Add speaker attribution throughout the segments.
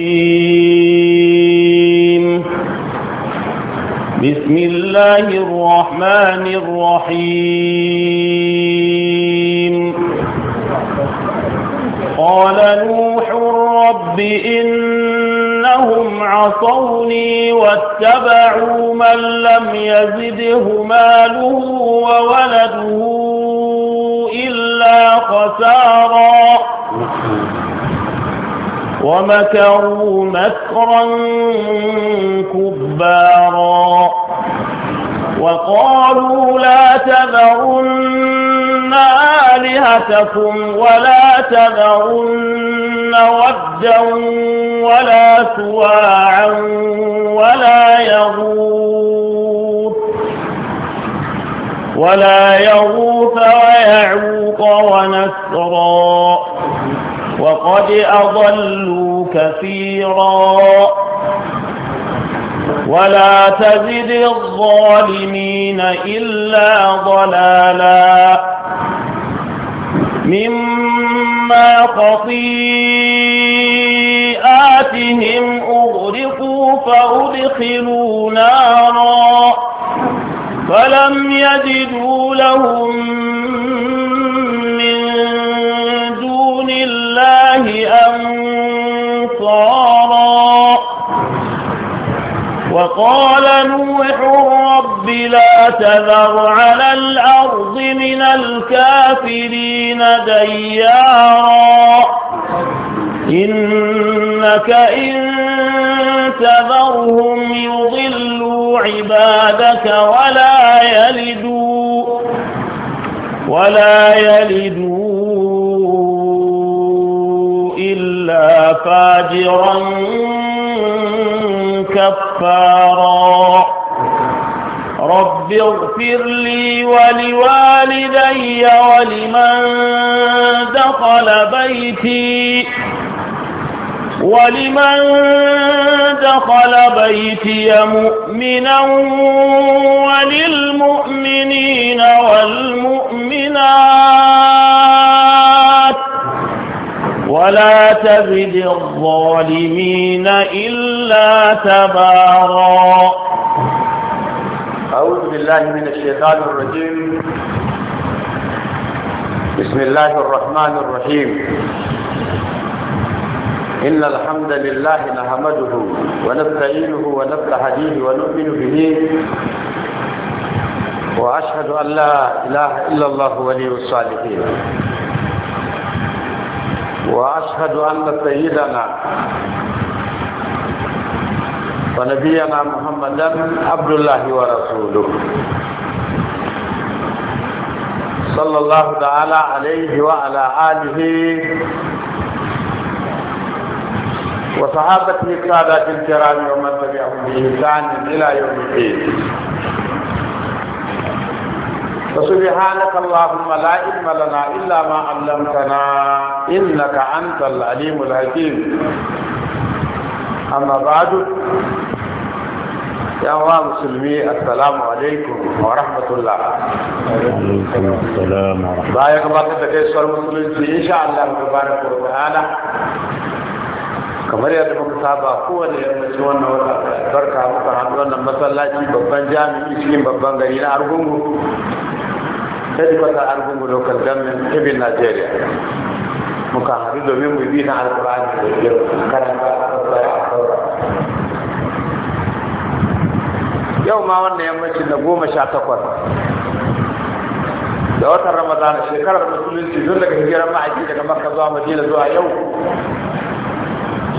Speaker 1: الرجيم بسم الله الرحمن الرحيم قال نوح رب إنهم عصوني واتبعوا من لم يزده ماله وولده إلا خسارا ومكروا مكرا كبارا وقالوا لا تذرن آلهتكم ولا تذرن ودا ولا سواعا ولا يغوث ولا يغوث ويعوق ونسرا وقد أضلوا كثيرا ولا تزد الظالمين إلا ضلالا مما خطيئاتهم أغرقوا فأدخلوا نارا فلم يجدوا لهم الله أنصارا وقال نوح رب لا تذر على الأرض من الكافرين ديارا إنك إن تذرهم يضلوا عبادك ولا يلدوا ولا يلدوا فاجرا كفارا رب اغفر لي ولوالدي ولمن دخل بيتي ولمن دخل بيتي مؤمنا وللمؤمنين والمؤمنات ولا تزد الظالمين إلا تبارا أعوذ بالله من الشيطان الرجيم
Speaker 2: بسم الله الرحمن الرحيم إن الحمد لله نحمده ونستعينه ونستهديه ونؤمن به وأشهد أن لا إله إلا الله ولي الصالحين وأشهد أن سيدنا ونبينا محمدا عبد الله ورسوله صلى الله تعالى عليه وعلى آله وصحابته السادات الكرام ومن تبعهم بإحسان إلى يوم الدين فسبحانك اللهم لا علم لنا إلا ما علمتنا إنك أنت العليم الحكيم أما بعد يا مسلمي السلام عليكم ورحمة الله عليكم السلام ورحمة الله بايك باقي تكيس والمسلمين إن شاء الله تبارك وتعالى kamar yadda muka saba kowane yammacin wannan wata barka muka haɗu wannan masallaci babban jami'i cikin babban gari na argungu hedikwatar argungu local government ibin nigeria muka haɗu domin mu bi na alkur'ani da yau karanta yau ma wannan yammacin na goma sha takwas da watan ramadana
Speaker 3: shekarar musulunci tun daga hijirar ma'aiki daga makka zuwa madina zuwa yau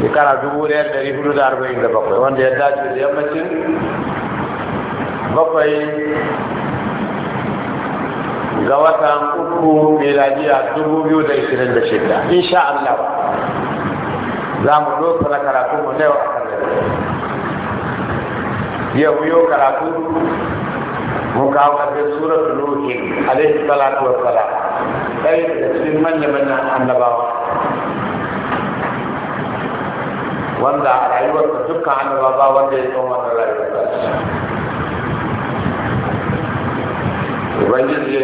Speaker 2: shekara dubu ɗaya da ɗari da arba'in da bakwai wanda ya dace da yammacin bakwai ga watan uku meladiya dubu biyu da ishirin da shida insha Allah za mu doka na karatu mu na yau a kan yau yau karatu mun kawo ƙarfin suratul nuhin alaihi salatu wa salam ɗaya da cikin manya-manyan annabawa wanda a rayuwarsa dukkan annaba ba wanda ya san wannan rayuwar ba ubangiji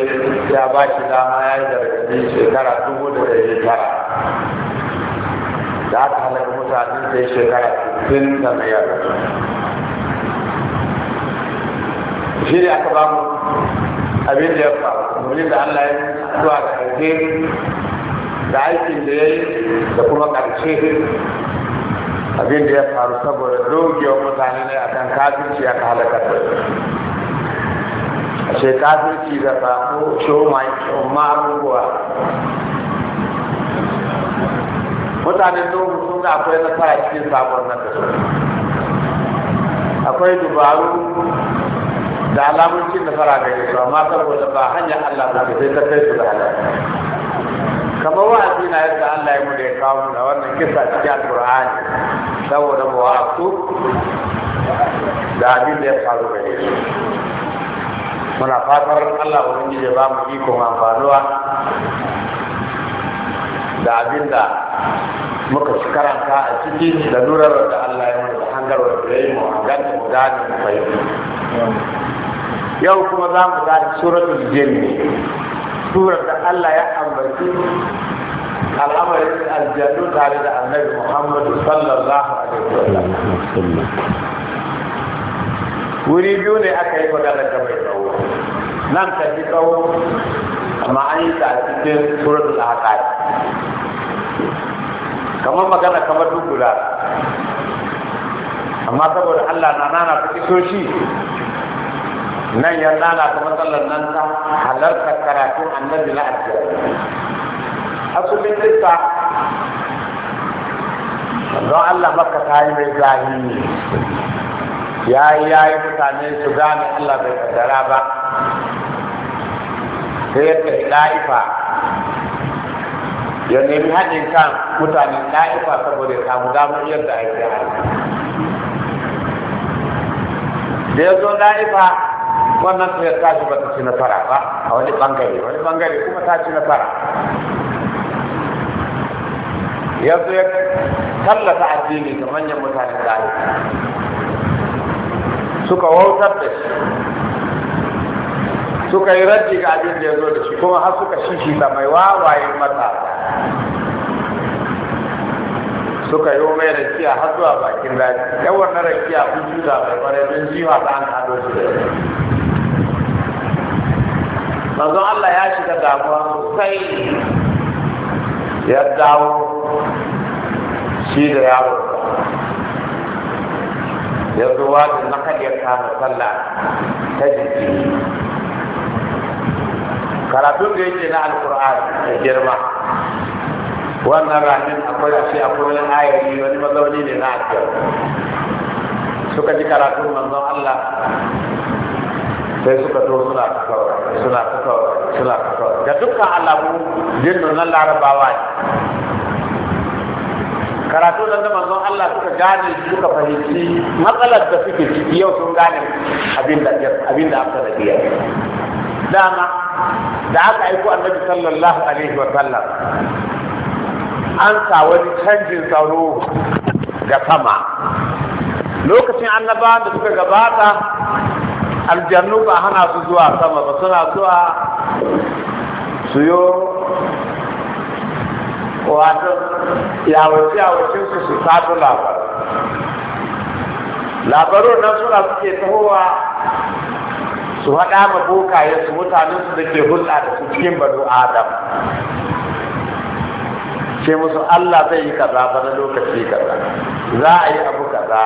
Speaker 2: ya ba shi dama ya yi gargaɗi shekara dubu da ɗari tara da aka halaka mutanen sai shekara sittin da mayar shi ne aka ba mu abin da ya faru domin da Allah ya zuwa ga ƙarshe da aikin da ya yi da kuma ƙarshe abin da ya faru saboda dogewar mutane ne a akan kafirci ya kala da a ce kafirci da sako shoma abubuwa mutanen dogon sun ga akwai fara cikin sabon nan da akwai dubaru da alamun cin nasara gari su amma saboda ba hanyar allah ba sai ta kai su da halar kamar wa'azi na yadda Allah ya mu da ya kawo mu da wannan kisa cikin alqur'ani saboda mu wa'azu da abin da ya faru gare su muna fatar Allah ubangiji ya ba mu ikon amfanuwa da abin da muka karanta a ciki da nurar da Allah ya hangar wa da ya yi mu da mu gane mu fahimta yau kuma za mu gane suratul jinni surar da Allah ya ambaci al'amarin aljanu tare da annabi Muhammadu sallallahu alaihi
Speaker 3: wa sallam.
Speaker 2: wuri biyu ne aka yi magana ta mai tsawo nan ta fi tsawo amma an yi ta cikin suratul ahqaf kamar magana kamar da. amma saboda Allah na nana ta fito shi nan ya tsana kuma matsalar nan ta halarta karatun annabi na asiyar asulin kisa don allah maka ta yi mai zahiri ya yi ya yi mutane su gane allah bai kaddara ba ta yadda la'ifa
Speaker 3: ya nemi haɗin kan
Speaker 2: mutane la'ifa saboda ya samu damar yadda ake haɗi da ya zo la'ifa wannan tsayar ta ba ta ci nasara ba a wani bangare wani bangare kuma ta ci nasara yanzu ya tallata addini ga manyan mutanen gari suka wautar da shi suka yi raddi ga abin da ya zo da shi kuma har suka shishita mai wawaye mata suka yi mai rakiya har zuwa bakin daji yawan na rakiya kun juda mai kwarai don jiwa ta an haɗo shi da manzon Allah ya shiga damuwa sosai ya dawo shi da yaro ya zo wajen na kan ya kama sallah ta jiki karatun da yake na alkur'an da girma wannan ramin akwai a ce akwai wani ayari wani mazauni ne na ajiyar suka ji karatun manzon Allah sai suka to suna kawai suna kuka suna kuka da dukkan alamu jinnu nuna larabawa ne karatu nan da manzon Allah suka gane suka fahimci matsalar da suke ciki yau sun gane abin da abin da aka rabiya dama da aka aiko annabi sallallahu alaihi wa sallam an sa wani canjin tsaro ga sama lokacin annabawan da suka gabata aljannu ba hana su zuwa sama ba suna zuwa yi wato yawace-yawacin su su sadu labaru labaru nan suna suke tahowa su haɗa ma bokaye su mutanen su da ke hulɗa da su cikin banu adam ce musu allah zai yi kaza ba na lokaci kaza za a yi abu kaza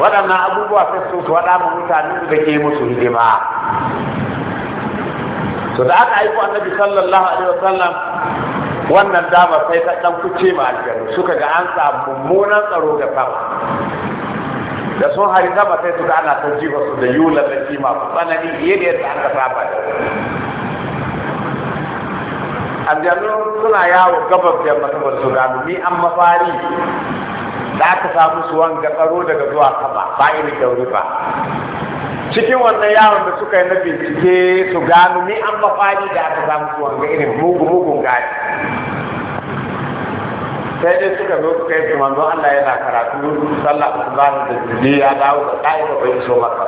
Speaker 2: waɗannan abubuwa sai su faɗa ma mutanen da ke musu hidima to da aka aiko annabi sallallahu alaihi wasallam wannan dama sai ta dan kuce ma aljanu suka ga an samu mummunan tsaro ga sama da sun hari sama sai suka ana ta jiba su da yula da kima ku tsanani fiye da yadda aka saba da aljanu suna yawo gabas da yamma ta su gano ni an mafari da aka samu su wanga tsaro daga zuwa sama ba da wuri ba cikin wannan yawon da suka yi na bincike su gano ni an mafani da aka samu su wanga irin mugu mugun gari sai dai suka zo suka yi su manzo Allah yana karatu sallah usman da jini ya dawo da kai da bai so maka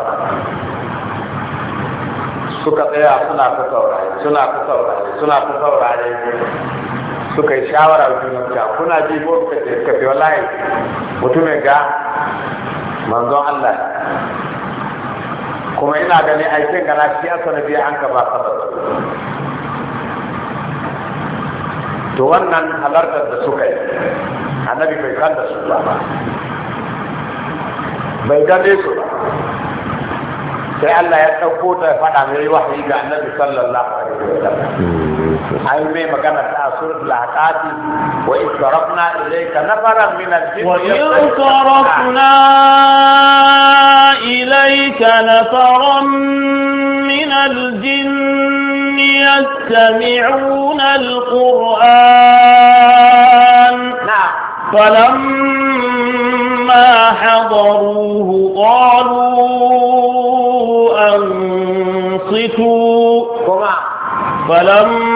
Speaker 2: suka tsaya suna ta saurari suna ta saurari suna ta saurari suka yi shawara junanta kuna ji ko ka ce suka fi wallahi mutumin ga manzon Allah kuma ina gani aikin gana shi asa na biya an ka ba saba to wannan halartar da suka yi annabi bai kan da su ba bai gane su ba sai Allah ya ɗauko ta faɗa mai wahayi ga annabi sallallahu alaihi wa sallam أيوه مكان آه، سورة الأحقاد وإذ صرفنا إليك
Speaker 1: نفرا من الجن وإذ صرفنا إليك نفرا من الجن يستمعون القرآن نعم. فلما حضروه قالوا أنصتوا فلما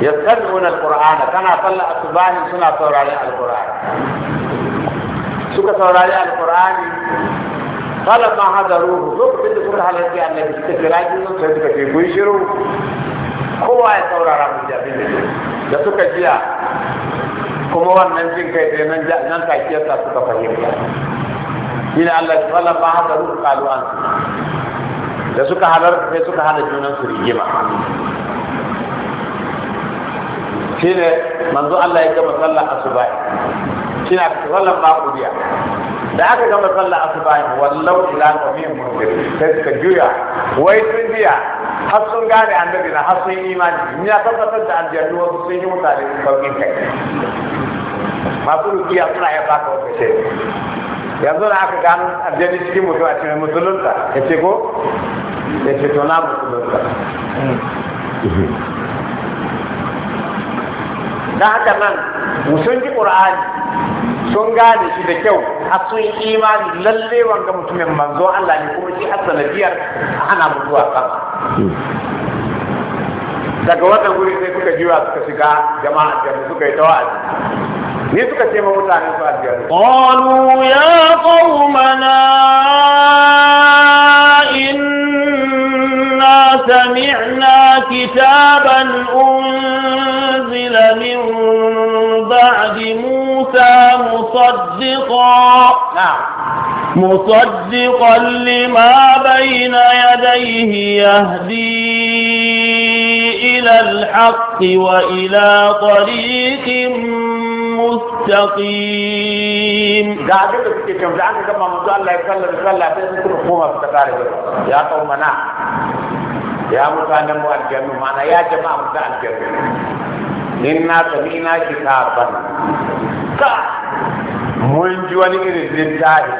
Speaker 2: يستمعون القران كما صلى الصبان سنة صور عليها القران سوك صور عليها القران قال ما هذا روح سوك بنت كنت هل يجي أن يجي تكراج منهم سيدك في بيشرو هو أي صور على رب الجابين يسوك جيا كمو أن ننزل كي تمنجا ننزل كي تيسا سوك فهيم
Speaker 3: إن
Speaker 2: shine manzo Allah ya gama sallar asuba shine sallar maqudiya da aka gama sallar asuba wallahu ila qamin munzir sai ka juya wai sun jiya har sun gane annabi na har sun imani ya tabbatar da aljannu wasu sun yi mutane sauƙin kai masu rukiya suna ya baka wata ce yanzu na aka gano aljanni cikin mutum a cikin musulunta ya ce ko ya ce to na musulunta Da haka nan sun ji ƙur'ani sun gane shi da kyau a sun imani lalle wanga mutumin manzo Allah ne kuma shi har sanadiyar ana mutuwa kama daga wannan guri sai suka jiwa suka shiga jama'a da suka yi tawazi
Speaker 1: ne suka ce ma mutane su ajiyar. qalu ya qaumana inna sami'na kitaban un مصدقا نعم مصدقا لما بين يديه يهدي إلى الحق وإلى طريق مستقيم
Speaker 2: يا قومنا يا مكان مؤجل معنا يا جماعة مؤجل إنا سمينا كتابا mun ji wani irin littafi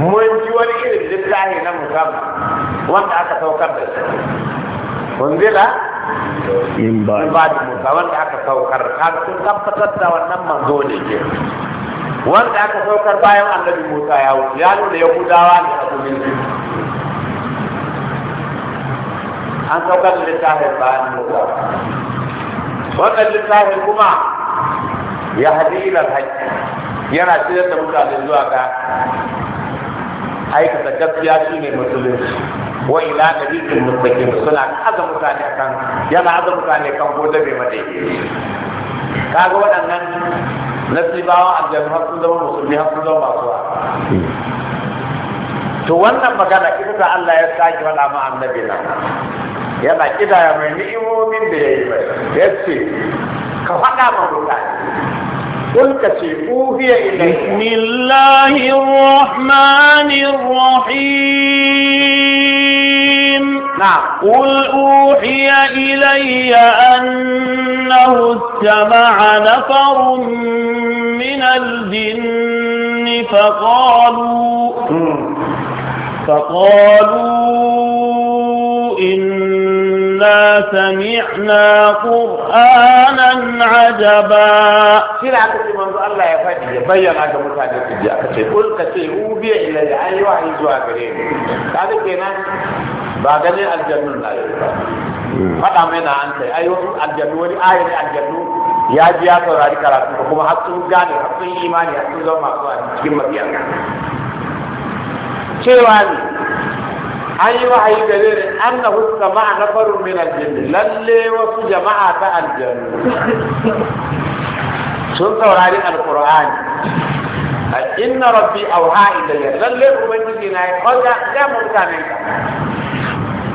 Speaker 2: mun ji wani irin littafi na musamman wanda aka saukar da shi kundila in ba da musa wanda aka saukar har sun tabbatar da wannan manzo ne ke wanda aka saukar bayan annabi musa ya wuce ya nuna ya gudawa ne a su an saukar da littafin bayan musa wannan littafin kuma ya hadilar haƙƙi yana ciyar da mutane zuwa ga aikata gaskiya shi ne musulunci wa ila da rikin mustaqim suna aza mutane kan yana aza mutane kan gobe bai mata kaga waɗannan nasibawa aljannu har sun zama musulmi har sun zama masu wa to wannan magana ita da Allah ya sake faɗa ma annabi na yana kidaya mai ni'imomin da ya yi mai ya ce
Speaker 1: ka faɗa ma mutane قل أوحي إليك بسم الله الرحمن الرحيم نعم قل أوحي إلي أنه استمع نفر من الجن فقالوا فقالوا إنا سمعنا قرآنا عجبا
Speaker 2: شنو أكتب من الله يفتي بيان
Speaker 1: هذا مساعدة تجي
Speaker 2: أكتب قل كتي أوبي إلى أي واحد يزوى كريم هذا كنا نعم؟ بعدني الجنة لا يفتي فقط من أنت أيوة، آية يا أي وحي قدير أنه السماع نفر من الجن للي وفي جماعة الجن سلطة ورعي القرآن إن ربي أوحى إلي للي أبنجينا يقول يا مرتان إنك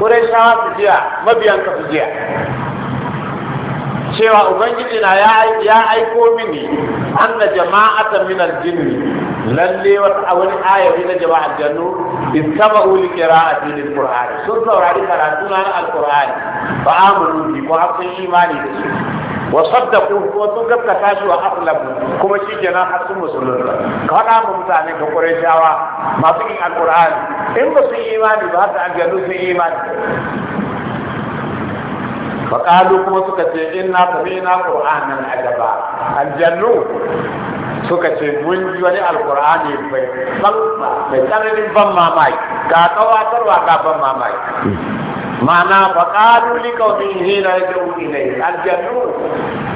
Speaker 2: قريشة فجيا ما بيانك فجيا سوى أبنجينا يا أيكو مني أن جماعة من الجن lalle wata wani ayari na jama'a jannu wuli kira qira'ati lil qur'ani sun saurari karatu na Ba fa amanu bi ko hakun imani da su. wa saddaqu ko sun gaskata shi wa aslamu kuma shi kenan har sun musulunta ka hada mu mutane ga qurayshawa masu yin alqur'ani in ba su imani ba haka aljannu sun imani ce كما سكت إنا سمعنا قرآنا عجبا الجنون suka ce mun ji wani alkur'ani mai mai tsananin ban mamaki ga tsawatarwa ga ban mamaki ma'ana fa qalu li qawmin hina yad'u ilayhi aljannu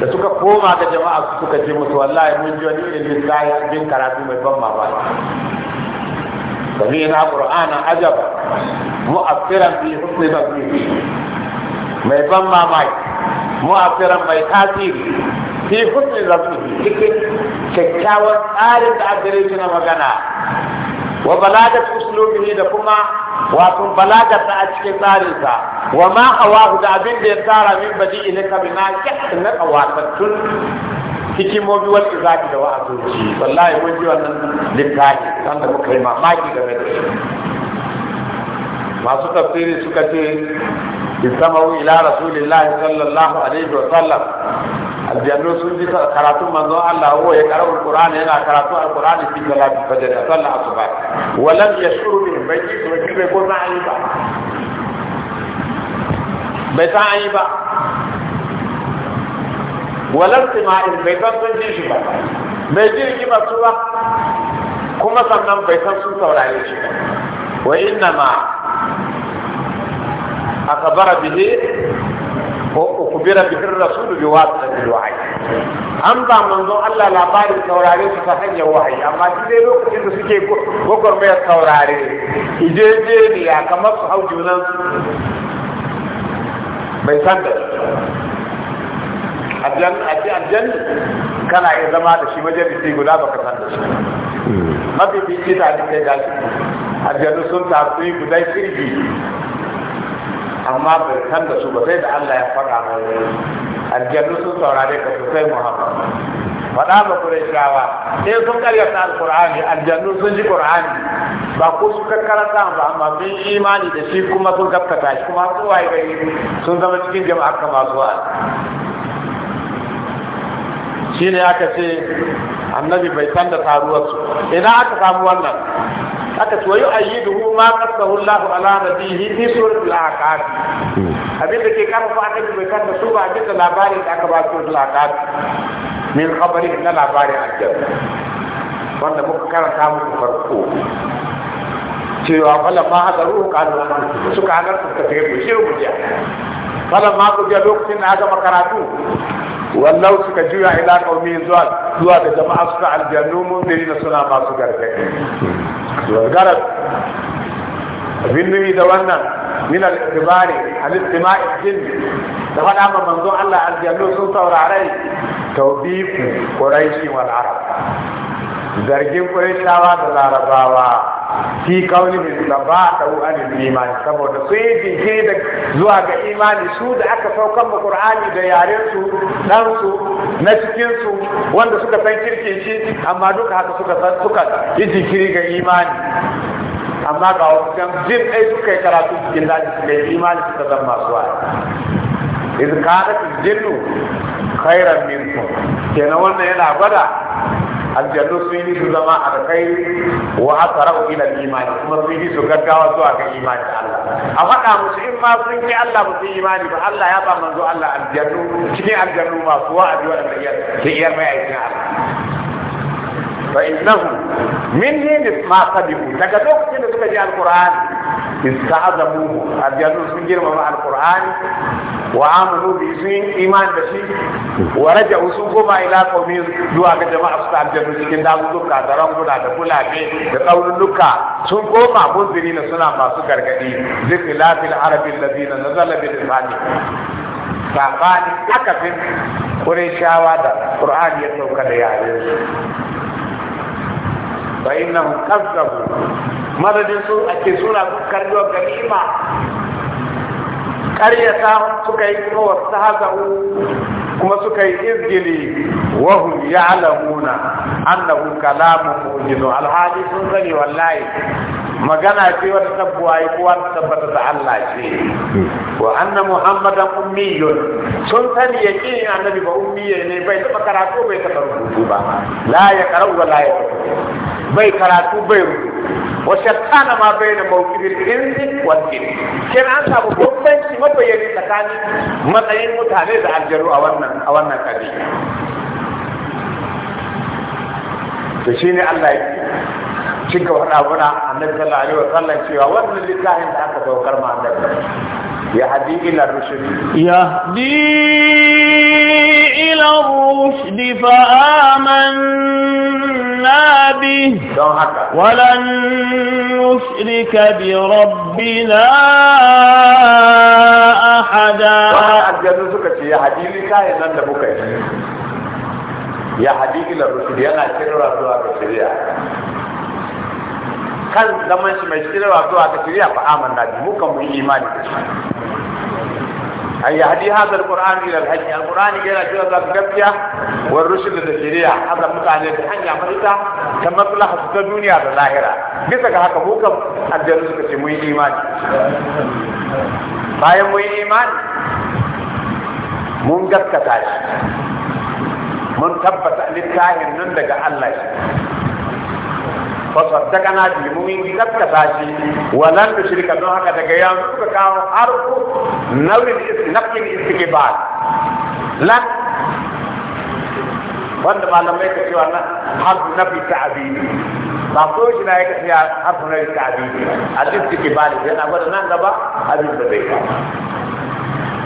Speaker 2: da suka koma ga jama'a suka ce musu wallahi mun ji wani irin bin karatu mai ban mamaki فمن القرآن عجبا مؤثرا في حسن تدبيره ما يبان ما ماي مؤثرا ما يتاثير في حسن kyakkyawan tsarin da aka rage na magana wa balagat ne da kuma wato balagar ta a cikin tsarinsa wa ma hawahu da abin da ya tsara min badi ne kabina kyakkyawan na kawatattun hikimomi wal izaki da wa'azoci wallahi mun ji wannan littafi da muka yi mamaki game da shi masu tafsiri suka ce in isamahu ila rasulillahi sallallahu alaihi wa sallam aljannu sun ji karatun manzon Allah wa ya karatu alqur'ani yana karatu alqur'ani fi salati fajr sallah asuba wa lam yashuru bi bai ji bai ko sai ba bai sai ba walar tima'in bai san sun ji shi ba bai ji rigima su ba kuma sannan bai san sun saurare shi ba wa inna ma akabara bihi ko ukubira bihi rasul bi wasati wahayi an ba manzon Allah labarin taurare su ta hanyar wahayi amma shi dai lokacin da suke gwagwarmayar taurare ijejeniya kamar su hau junansu bai san da aljan kana iya zama da shi majalisi guda baka san da shi hmm. mafi fi ita da sun tafi amma bai san da su ba sai da Allah ya faɗa mai aljannu sun saurare ka sosai muhammad faɗa ba shawa sai sun karyata alkur'ani aljannu sun ji qur'ani ba ko su karanta ba amma bin imani da shi kuma sun gaskata shi kuma sun waye gari sun zama cikin jama'a kamar su shine aka ce annabi bai san da taruwarsu idan aka samu wannan haka aka ce wayu hu ma qasahu Allahu ala nabihi fi suratul aqab abin da ke karfafa annabi bai kan da su ba abin da labarin da aka ba su suratul aqab min khabari na labarin ajab wanda muka karanta muku farko cewa fala ma hadaru kalu suka halarta suka tafi shi mu ji fala ma ku ji lokacin da aka makaratu wallahu suka juya ila qaumi zuwa zuwa da jama'a suka aljannu mundirin suna masu gargaɗi والغرض abin da wannan min al-ibari al-istima'i jinn da faɗa ma manzo Allah aljannu sun saurare tawbiku quraishi wal arab zargin quraishawa da larabawa fi kauli min da ba ta hu an imani saboda sai dinke da zuwa ga imani su da aka saukan mu qur'ani da yare su dan su na cikin su wanda suka san kirkin shi amma duka haka suka suka yi jikiri ga imani amma ga wasu kan jin ɗai suka yi karatu cikin daji su yi imani suka zama masu wa idan ka da jinnu khairan minkum kenan wannan yana gwada aljannu sun yi su zama kai wa aqra'u ila al-iman kuma sun yi su gaggawa zuwa ga imani da Allah a faɗa musu in ma sun ki Allah musu imani ba Allah ya ba manzo Allah aljannu cikin aljannu masu a wa da iyar mai aikin Allah fa innahu min ne ma daga lokacin da suka ji alqur'ani istazamu aljannu sun girmama alqur'ani wa amanu bi sun iman da shi wa sun koma ila qaumi zuwa ga jama'a su aljannu cikin dabuzuka da ranguna da kulabe da tsaunuka sun koma munzirina suna masu gargadi zikrilafil arabin ladina nazala bil isani sabani akafin Qurayshawa da Qur'ani ya sauka da yare فإنهم كذبوا ماذا جنسوا أكسونا كريوا غنيمة قرية سكي واستهزأوا كما سكي إذجلي وهم يعلمون أنه كلام موجد الحالي سنزلي والله magana ce wata tabbuwa yi kuwa ta tabbata da Allah ce wa anna muhammadan ummiyun sun sani ya ke annabi ba ummiye ne bai karatu bai taba rubutu ba la ya bai karatu bai rubutu wa shakkana ma bai da mawkibin inzi wal jini kin an samu bambanci mabayani tsakanin matsayin mutane da aljaru a wannan a wannan kabila to shine Allah ya ce cika faɗa muna annabi sallallahu alaihi wasallam cewa wannan littafin da aka saukar ma annabi ya hadi ila rushd
Speaker 1: ya hadi الرشد فآمنا به ولن نشرك بربنا أحدا wannan
Speaker 2: ya hadili nan da ya la rusul yana kirra zuwa ga shari'a kan zaman shi mai kirra zuwa ga shari'a fa amanna bi muka mu imani أن يهدي هذا القرآن إلى الحج القرآن إلى شرط القبية والرشد للشريعة هذا متعني الحج عملتها كما تلا حسد الدنيا الظاهرة قلتك هكا بوكب الجنوز كتموي إيمان بايا طيب، موي إيمان mun gaskata من mun لله littafin nan daga na bi mumin gaskata shi walan nushrika don haka daga yan suka kawo harfu nawrin nafin istiqbal lan wanda malamai ka cewa na harfu nafi ta'abini ba ko shi na yake cewa harfu nafi ta'abini al istiqbal yana gwada nan gaba abin da zai kawo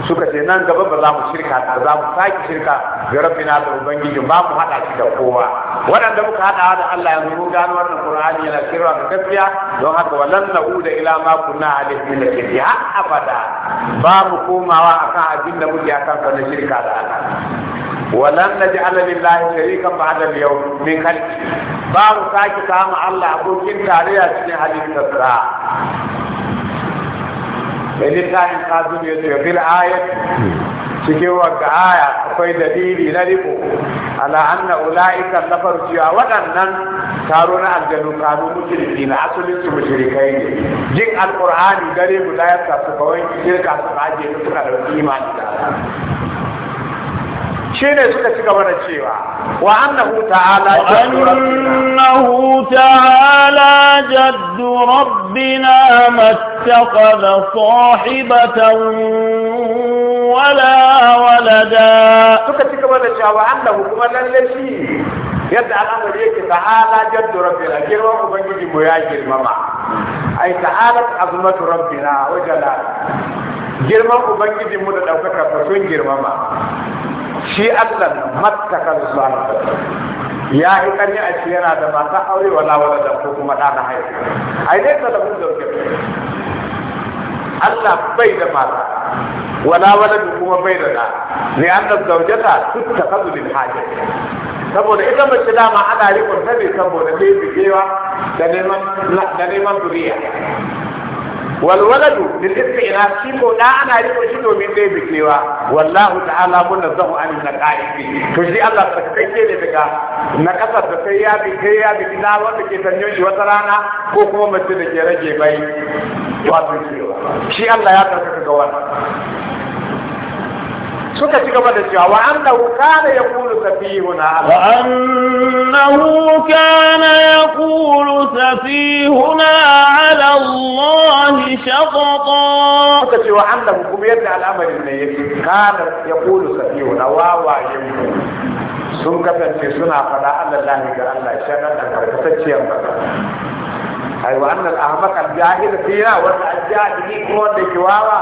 Speaker 2: suka ce nan gaba ba za mu shirka ta za mu sake shirka ga rabbina da ubangiji ba mu hada shi da kowa waɗanda muka hada da Allah yanzu mun gano wannan qur'ani yana kirwa ga gaskiya don haka walan na'uda ila ma kunna alaihi min shirki har abada ba mu komawa akan abin da muke akan kan na shirka da Allah walan naj'ala lillahi sharikan ba'da al-yawm min khalqi ba mu sake kama Allah abokin tarayya cikin halittarsa mai littafin kazu ne su ayat cikin wagga aya akwai dalili na riko ala anna ula'ikan na farciya waɗannan taro na aljanu kanu mushriki na asalin su mushrikai ne jin alqur'ani gare guda ya kasu kawai shirka su aje su suka imani da shine suka ci gaba da cewa
Speaker 1: wa annahu ta'ala annahu ta'ala jaddu rabbina mattakhadha sahibatan wala walada suka ci gaba da
Speaker 2: cewa annahu kuma lalle shi yadda al'amari yake ta'ala jaddu rabbina girma ubangiji mu ya girmama ai ta'ala azmatu rabbina wa jalal girman ubangijinmu da ɗaukaka fa sun girmama shi Allah mattakan zuwa ya yi ƙarni a shi yana da mata aure wala wala da ko kuma ɗa na haihu ai dai ka da mun dauke Allah bai da mata wala wala da kuma bai da ɗa ne an da zaujata duk ta kazu lil hajja saboda ita mace dama ana rikon ta ne saboda ɗaya bigewa da neman duriya walwaladu lil isti'na shi da ana riko shi domin dai bikewa wallahu ta'ala munazzahu an naqaibi to shi Allah sarkake ne daga nakasar da sai ya bi kai ya bi na wanda ke tanyo shi wata rana ko kuma mace da ke rage bai wato shi Allah ya tarkaka ga wannan
Speaker 1: suka ci gaba da cewa wa annahu kana yaqulu safihuna wa annahu kana yaqulu safihuna ala Allah shatata suka
Speaker 2: ce wa annahu kuma yadda al'amarin ne yake kana yaqulu safihuna wa wa sun kasance suna fada Allah ga Allah shanan da karkatacciyar magana ai wa annal ahmaq al jahil fiha wa al
Speaker 4: jahili ko da kiwawa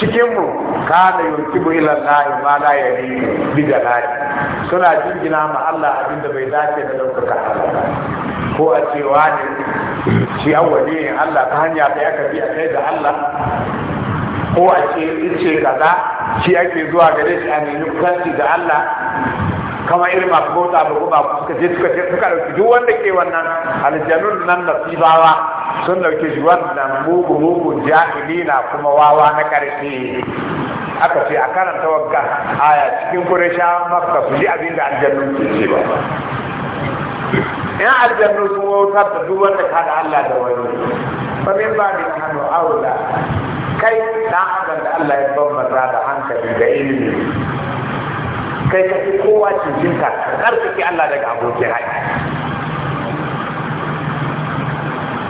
Speaker 2: cikin mu kana yurkibu ila allahi ma la yadi bi jalali suna jingina ma Allah abinda bai dace da daukaka ko a cewa ne shi awwali Allah ta hanya ta aka bi a kai da Allah ko a ce in ce kaza shi ake zuwa gare shi a nemi kusanci da Allah Kama irin masu bauta da guba suka je suka suka dauki duk wanda ke wannan aljanun nan nasibawa sun dauke shi wannan mugu mugu jahilina kuma wawa na karshe aka ce a karanta a aya cikin kureshawan makka su ji abin da aljanun ke ce ba in sun wautar da duk wanda ka da Allah da wani fa min ba da hannu aula kai da da Allah ya bambanta da hankali da ilimi kai ka fi kowa cincinta tsarkake Allah daga abokin haɗi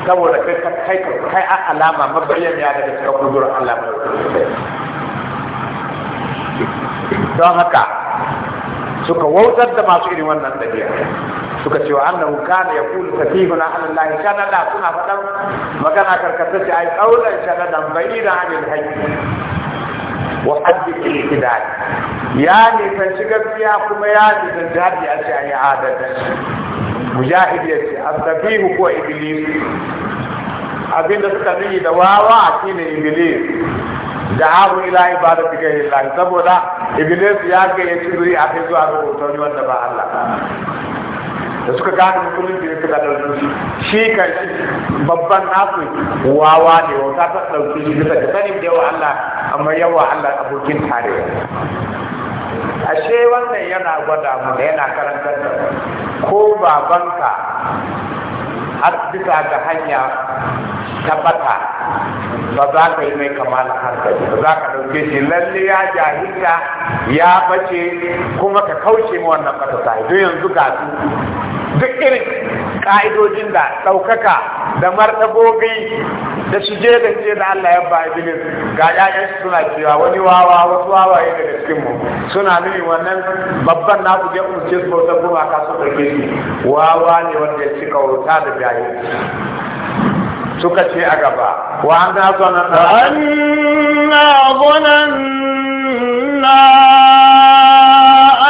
Speaker 2: saboda kai ka kai kai a alama mabayyan ya daga cikin kudurin Allah mai don haka suka wautar da masu irin wannan ɗabi'a suka cewa annahu kana yaqulu kathibun ala Allah shanada suna faɗan magana karkatacce ai qaulan shanadan bayyana anil haqq wa haddi al-ihtidal ya ne kan shiga gaskiya kuma ya ne kan dadi a ce ayi adalci mujahid ya ce asabihu ko iblis abinda suka nuni da wawa shine iblis dahabu ila ibadati ghayri Allah saboda iblis ya ga ya ci zuri a kai zuwa ga wani wanda ba Allah da suka gane da ya suka ɗauki shi shi kan shi babban nasu wawa ne wata ta ɗauki shi bisa da sanin da yawa Allah amma yawa Allah abokin tarewa ashe wannan yana gwada mu da yana karantar ko babanka har bisa ga hanya tabbata ba za ka yi mai kamala hankali ba za ka ɗauke shi lalle ya jahilta ya bace kuma ka kauce ma wannan fatata don yanzu ga su duk irin ka'idojin da ɗaukaka da martabobi da shige da shige da Allah ya ba Iblis ga ƴaƴan suna cewa wani wawa wasu wawaye daga cikin mu suna nuni wannan babban na nasu ya ce su bauta kuma ka su ɗauke shi wawa ne wanda ya ci kauta da jayi suka ce a gaba
Speaker 1: wa an na zonanna anna zonanna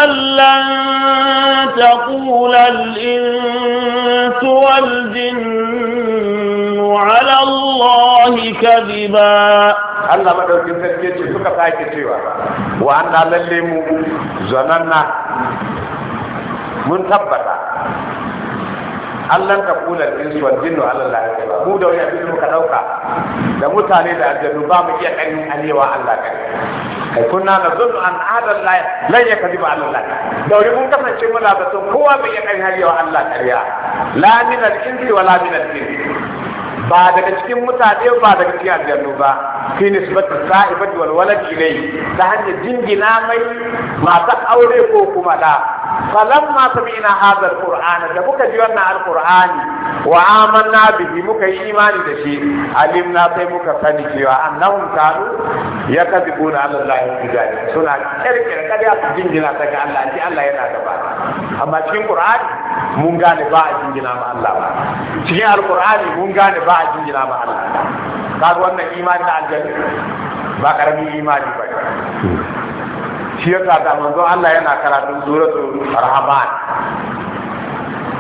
Speaker 1: allan taqula al-ins wal jinnu ala allahi kadhiba
Speaker 2: Allah madaukin sarki ce suka sake cewa wa anna lalle mu zonanna mun tabbata Allah ta kula insu wal jinnu ala Allah ya mu da wani abin muka dauka da mutane da aljannu ba mu iya kanin alewa Allah kai kai kunna na zunnu an ada Allah lan yakdiba ala Allah da wani mun kasance muna da sun kowa bai iya kanin alewa Allah kariya la min al-insi wala min al-jinni ba daga cikin mutane ba daga cikin aljannu ba fi nisbatu sa'ibat wal walad ilay ta hanyar jingina mai mata aure ko kuma da masu sami'na hadha alquran da muka ji wannan alqur'ani wa amanna bihi muka yi imani da shi alimna sai muka sani cewa annahum kanu yakadibuna ala allahi bidani suna kirkir kariya su jingina ta ga Allah ji Allah yana da ba amma cikin qur'ani mun gane ba a jingina ma Allah ba cikin alqur'ani mun gane ba a jinjina ba, Allah kaga wannan imani na aljanna ba karami imani ba shi yasa ta manzo Allah yana karatun suratul rahman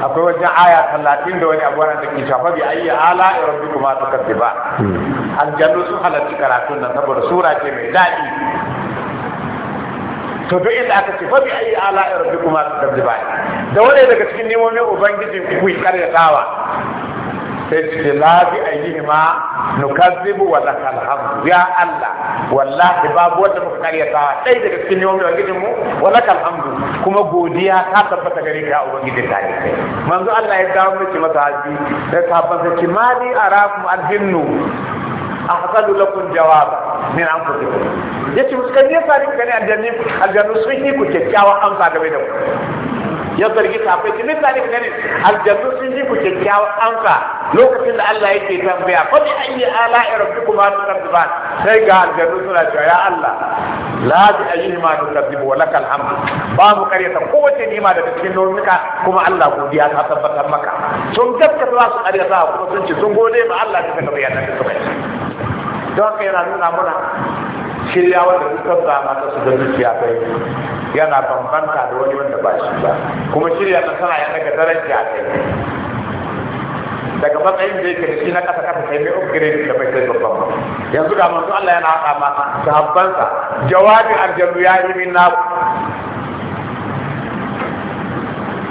Speaker 2: akwai wajen aya talatin da wani abu wani da ke shafa bi ayi ala ya rabbi kuma ta kasi ba hmm. sun halarci karatun nan saboda sura ce mai daɗi to duk inda aka ce fa bi ayi ala ya rabbi kuma ta kasi ba da wani daga cikin nemomin ubangijin ku yi karyatawa ikhtilafi ayyihima nukazzibu wa lakal hamd ya Allah wallahi babu wanda muka karyata dai daga cikin yawon ubangijin mu wa lakal kuma godiya ta tabbata gare ka ubangijin tare manzo Allah ya dawo miki masa haji da tabbata ki mali arakum alhinnu ahsanu lakum jawaba min anfusikum yace musu kan yasa ne aljannu sun yi amsa game da ku ya zargi kafai ki min ne ne aljannu sun ji ku kyakkyawan amsa lokacin da Allah yake tambaya fa bi ayyi ala'i rabbikuma tukadziban sai ga aljannu suna cewa ya Allah la bi ayyi ma tukadzibu wa lakal hamd ba mu ko wace nima da cikin nomika kuma Allah godiya ta tabbatar maka sun gaskata za su karyata kuma sun ce sun gode ma Allah da ta karyata da suka yi don kai yana na mana shirya wanda duka sama ta su da zuciya kai yana bambanta da wani wanda ba shi ba kuma shirya ta tana yana ga daraja kai daga matsayin da yake da shi na kasa kasa kai mai upgrade da bai kai babban ba yanzu ga manzo Allah yana haka ma habbansa jawabi aljannu ya yi min naku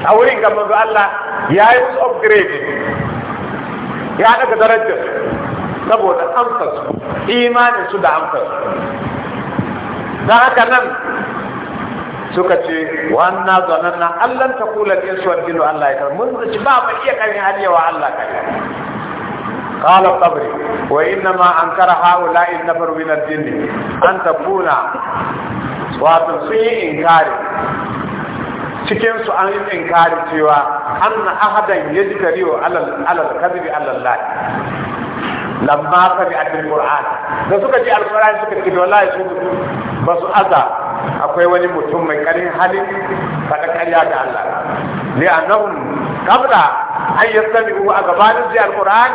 Speaker 2: a wurin ga manzo Allah ya yi su upgrade ya daga darajar saboda amsar su imanin su da amsar su Da haka nan suka ce wannan zanen nan allon ta kula ne su wakilu allah ya mun zaci ba ba iya karin hadiyawa allah kariya قال الطبري وإنما أنكر هؤلاء النفر من الجن أن تكون وتنصي إنكاري cikin su an yi inkari cewa an ahadan ya ji kariyo alal kadibi lamma bi addin qur'an da suka ji alquran suka ki wallahi su ba su aza akwai wani mutum mai karin halin fada kariya da Allah li annahum qabla an yastami'u a gabanin ji alqur'an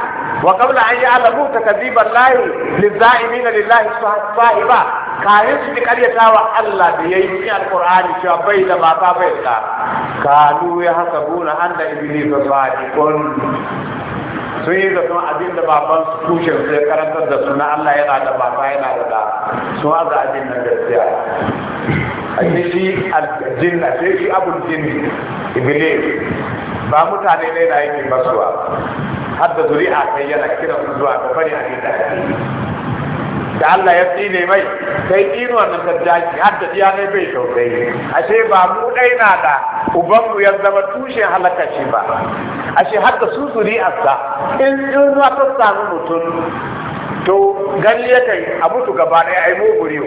Speaker 2: wa qabla an ya'lamu takdiban lahi liza'imin lillahi sahiba kayan su ta karyatawa Allah da yayi ji alquran cewa bai da mata bai da kanu ya hasabuna anna iblisa sadiqun sun yi da sun abin da baban su tushen su ya karantar da suna Allah yana da baba yana da da sun haza abin nan gaskiya a ce shi aljin a ce shi abun jin ibile, ba mutane ne na yake masuwa har da zuri'a kai yana kiran zuwa ga bari a ne da Allah ya tsine mai sai inuwa na sarjaki har da ne bai tausayi ashe ba mu dai na da uban ya zama tushen halakaci ba ashe har da su zuri'arsa in in za ta samu mutum to ya kai a mutu gaba ɗaya ai mu guriyo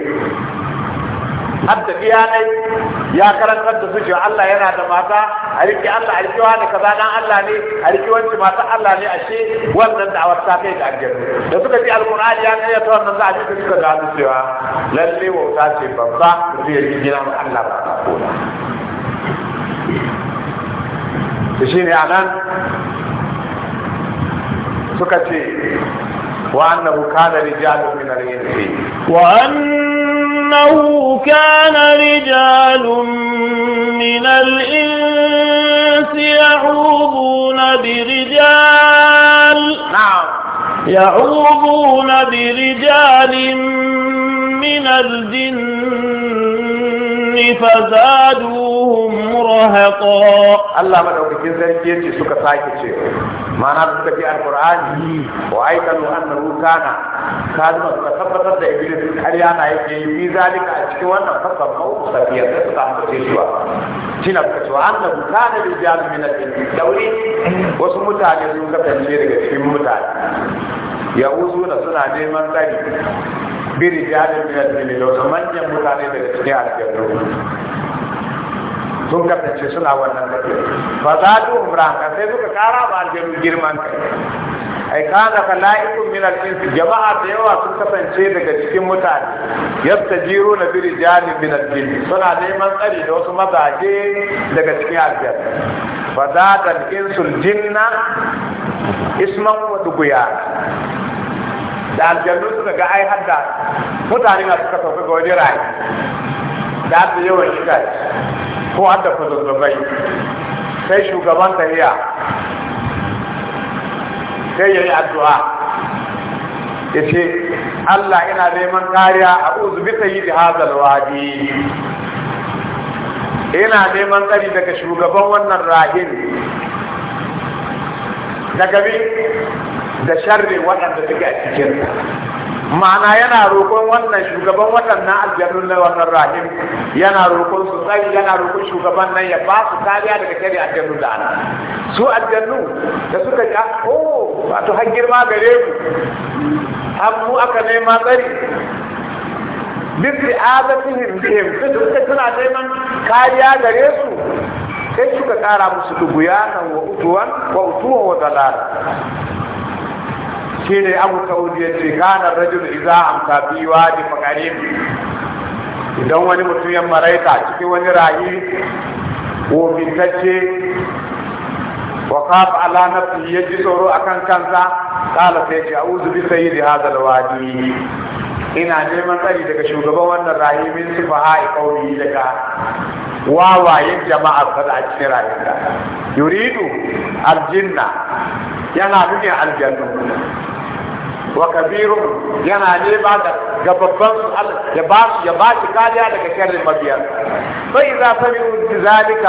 Speaker 2: har da ne ya karantar da su cewa Allah yana da mata a riki Allah a riki wani kaza dan Allah ne a riki wancan mata Allah ne ashe wannan da'awar ta kai ga aljanna da suka ji alqur'ani ya kai ta wannan za a ji suka ga su cewa lalle wauta ce babba zai yi gina ma Allah ba ko da shi ne anan suka ce wa annahu kana rijalun min al-insi
Speaker 1: wa أنه كان رجال من الإنس يعوضون برجال نعم. يعوضون برجال من الجن ni fazadu murhaqa Allah ba suka sake ce ma'ana da
Speaker 2: take alqur'ani wa aita annahu kana kadma ka tabbatar da ibilis har yana yake yi bi zalika a cikin wannan fasal ko safiya da ta ta tina ka to annahu kana bi jami'a min al dauri wasu mutane sun ka daga cikin mutane ya wuzuna suna neman tsari biri da hada mina dalilin lauta manyan mutane daga cikin do sun kasance suna wannan tafiya ba za su umra ka sai suka kara ba aljannu girman kai ai kana kalaikun min al-ins jama'a da yawa sun kasance daga cikin mutane yastajiru na biri min al-jinn suna neman tsari da wasu mazaje daga cikin aljannu fa zada al-insul jinna isman wa duguya da aljannu suka ga ai hadda mutane na suka tafi ga wani rai da yi yawan shiga ko hadda fazazzabai sai shugaban tahiya sai ya yi addu'a ya ce Allah ina neman kariya a uzu bisa yi hazal wadi ina neman tsari daga shugaban wannan rahin daga bi da sharri waɗanda suke a cikin ma'ana yana roƙon wannan shugaban waɗannan aljannun na wannan rahim yana roƙon su tsari yana roƙon shugaban nan ya ba su kariya daga kare aljannun da ana su aljannu da suka ji oh wato har girma gare mu har mu aka nema tsari bibi adatihim bihim suka suna neman kariya gare su sai suka ƙara musu dubuya nan wa utuwan wa utuwan wa dalala shi ne abu sa'ud ya ce kana rajul amsa bi wadi faqarim idan wani mutum ya maraita cikin wani rayi ko wa khaf ala nafsi yaji tsoro akan kansa kala sai ce a'udhu bi sayyidi hadha alwadi ina neman tsari daga shugaban wannan rayi min sufaha'i qawli daga wawayen jama'ar kada a cikin rayuwa yuridu aljinna yana nufin aljannu وكبير جنا لي بعد جبفن على جبا جبا كاليا لك كير المبيا فإذا فلوا ذلك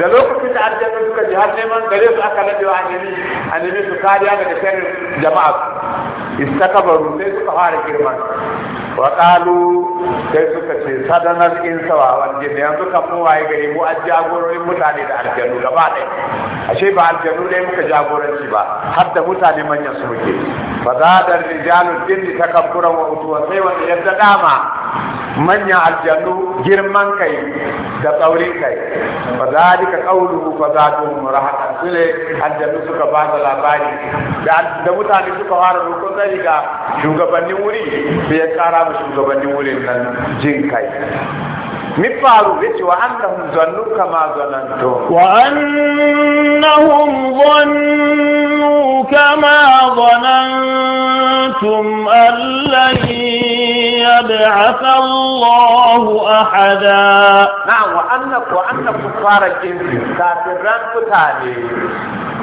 Speaker 2: دلوك في تعرض لك جهاد نمان قريب أكل جواني أنا مش لك كير جماعة استكبروا ليش كهار كيرمان waƙalu sai suka ce sadanar in sawa wanje ne yanzu kan mu waye gari mu an jagororin mutane da aljanu gaba ɗaya ashe ba aljanu ɗaya muka jagoranci ba har da mutane manyan su muke fa zadar rijalul jinni takabburan wa mutuwa sai wanda yadda dama Manya aljanu girman kai da tsaurin kai ba za fa zalika qawluhu fa zadum rahatan sune aljanu suka ba da labari da mutane suka fara roƙon zai ga shugabannin wuri su ya tsara mu shugabannin wurin nan jin kai مفارو يتي وأنهم
Speaker 1: ظنوا كما ظننتم وأنهم ظنوا كما ظننتم أن لن يبعث الله أحدا نعم وأن وأن كفار الجن كافران متالي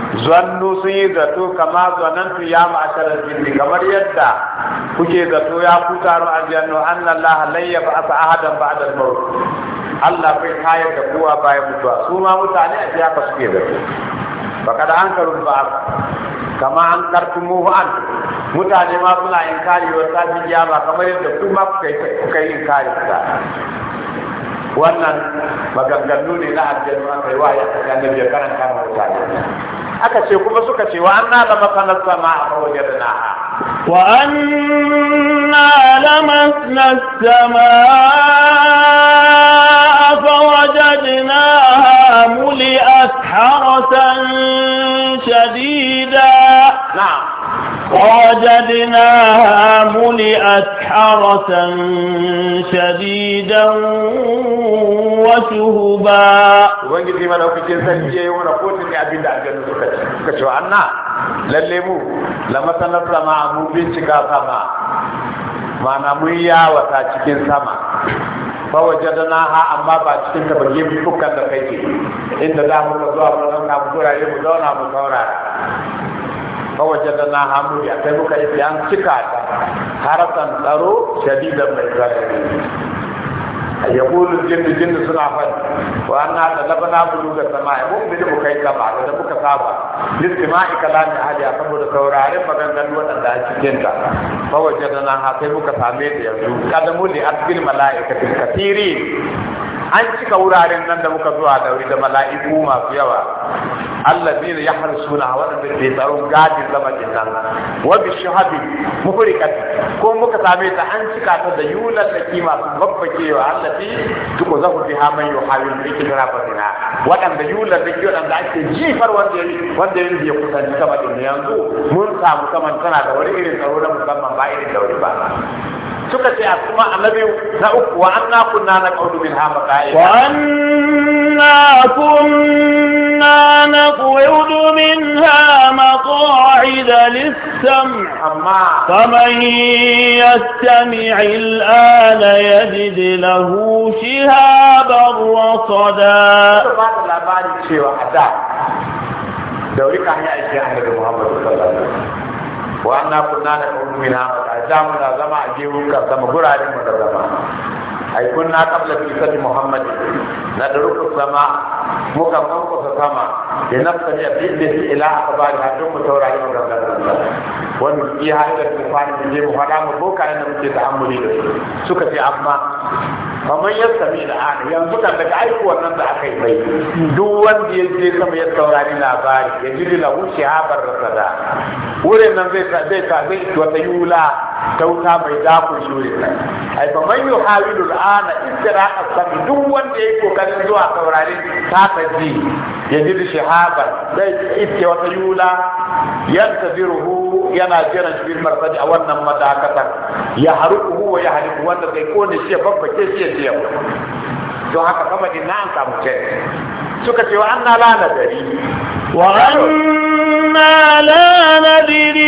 Speaker 1: zannu sun yi
Speaker 2: zato kama zanantu ya ma'asharar jinni kamar yadda kuke zato ya ku taro aljannu an lallaha ba asa ahadan ba'da al-maut Allah bai kayar da kowa bayan mutuwa su ma mutane a jiya suke zato ba kada an karu ba kama an kartu muhu an mutane ma suna yin karewa safin kiyama kamar yadda su ma kuka yi karewa wannan maganganu ne na aljanu an yi wa ya kasa annabi ya karanta ma mutane aka ce kuma suka ce wa
Speaker 1: anna lama kana sama a fawajadna wa anna lama sama فوجدناها ملئت حرسا شديدا نعم ووجدناها ملئت حرسا شديدا وشهبا ubangiji mana hukuncin sarki ya yi wani kotun ne abin da aljanu suka ci suka ce anna
Speaker 2: lalle mu la masanar sama mu bincika sama mana mun yawata cikin sama fa wajadana ha amma ba cikin da bage fukan da kai inda za mu zuwa mu zauna mu gurare mu zauna mu saurara fawajada na hamu ya kai muka yi an cika ta haratan tsaro shadidan da zarafi يقول الجن الجن صنع فرد وأن أتلبنا بلوغ السماء مؤمن بكيكا بعد ذبك سابا لاستماع كلام أهل يأخذ الكورا عرف فقد نلوة أن لا يشكينك فوجدنا هاتبك ساميت يرجو قدموا لأدب الملائكة الكثيرين أنت كورا عرف أن ذبك سابا وإذا ملائكة ما فيها الذين يحرسون عوان بالبيترون قاد الزمى جنان وبالشهد مفركة كون مكتابيت أنت كاتا ديولا لكيما سنغبكي وعلا fi tuko zafu fi haman yu hayun bi kidra wadanda yular da kiyo da ake jifar wanda wanda yin ya kusanci sama din yanzu mun mu saman tana da wani irin tsaro da musamman ba irin da wani ba suka ce a kuma annabi na uku wa anna kunna na qawlu min hama qa'ida wa
Speaker 1: anna kunna للسمع فمن يستمع الآن يجد له شهابا رصدا دوريك عن يأتي أحمد محمد
Speaker 2: صلى الله عليه وسلم وأنا كنا نقوم منها متعزامنا زمع جيوك زمع قرار مدرما ai kunna qabla fi muhammad na daruku sama muka manko sama da nafsa ya fi da ila akbari don mu taurari mu gaggaza wani iya haɗa da fara mu je mu faɗa mu boka da muke ta'ammuli da su suka ce amma kamar ya da al'ada yanzu kan daga aikuwar nan da aka yi mai duk wanda ya je kama ya saurari labari ya ji la wuce habar rasada wurin nan zai ta zai ta zai wata yula ta wuta mai dakon yurin nan ai ba man yuhawilu al'ana istira sami duk wanda ya yi kokarin zuwa saurari ta ta ji ya ji shahabar zai ita wata yula yantaziruhu yana jiran shi bil marsadi a wannan madakatar ya haruku wa ya haliku wanda zai kone shi ya babbake shi laifi don haka kama din na an samu
Speaker 1: suka wa an na lana dari wa an na lana dari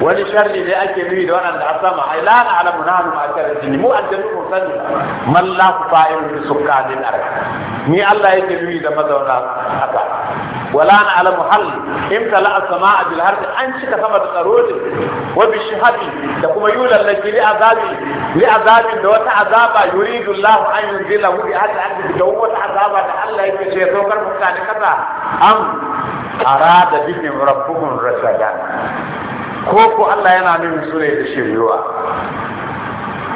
Speaker 2: ولشر اللي اكل لي لو انا عصام لا نعلم نحن ما اكل الجن مو الجن مسلم ما الله فاعل بسكان الارض مي الله يكل لي لما دونا اكا ولا نعلم حل امتى لا السماء بالهرد انت كما تقرون وبالشهاد تقوم يولى الذي لعذاب لعذاب دوت عذاب يريد الله ان ينزله بهذا الارض دوت عذاب الله يكل شيطان كما كذا ام اراد بهم ربهم رشدا ko ko Allah yana nufin su ne da shiryuwa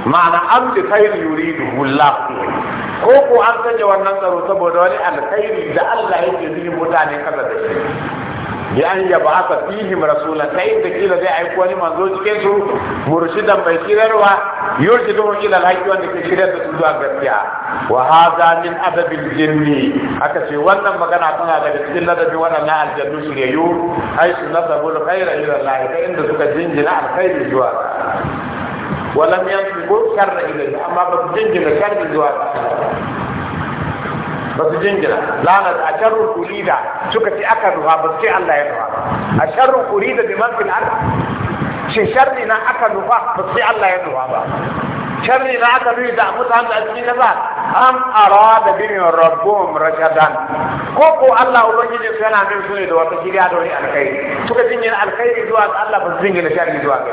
Speaker 2: ma'ana an bi khairu yuridu Allah ko ko an sanya wannan tsaro saboda wani alkhairi da Allah yake yi mutane kaza da shi بأن يبعث فيهم رسولا كيف بكيل ذي عيقوان منذوج كيسو مرشدا بيسير روا يرشدون إلى الحج وأن يكشير بسودوا أغبتيا وهذا من أدب الجن أكسي وانا مكان عطان على جسد الله دبي وانا لا الجنوش ليور حيث نظر بول خير إلى الله فإن دسوك الجن جناع الخير جوارا ولم ينسي بول شر إلى الله أما بس جن جناع الخير جوارا ba su jinjina lanar a sharrul urida suka ce aka nuha ba sai Allah ya nuha a sharrul urida bi man fil ard shi sharri na aka nuha ba su Allah ya nuha ba sharri na aka nuhi da mutane a cikin kasa am arada bihim rabbuhum rashadan ko ko Allah ubangiji su yana min su da wata shirya da wani alkhairi suka jinjina alkhairi zuwa Allah ba su jinjina sharri zuwa ga